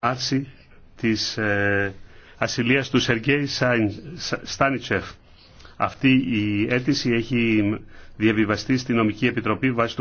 άρση της ε, ασυλίας του Σεργέη Στάνιτσεφ. Αυτή η αίτηση έχει διαβιβαστεί στη Νομική Επιτροπή βάσει του...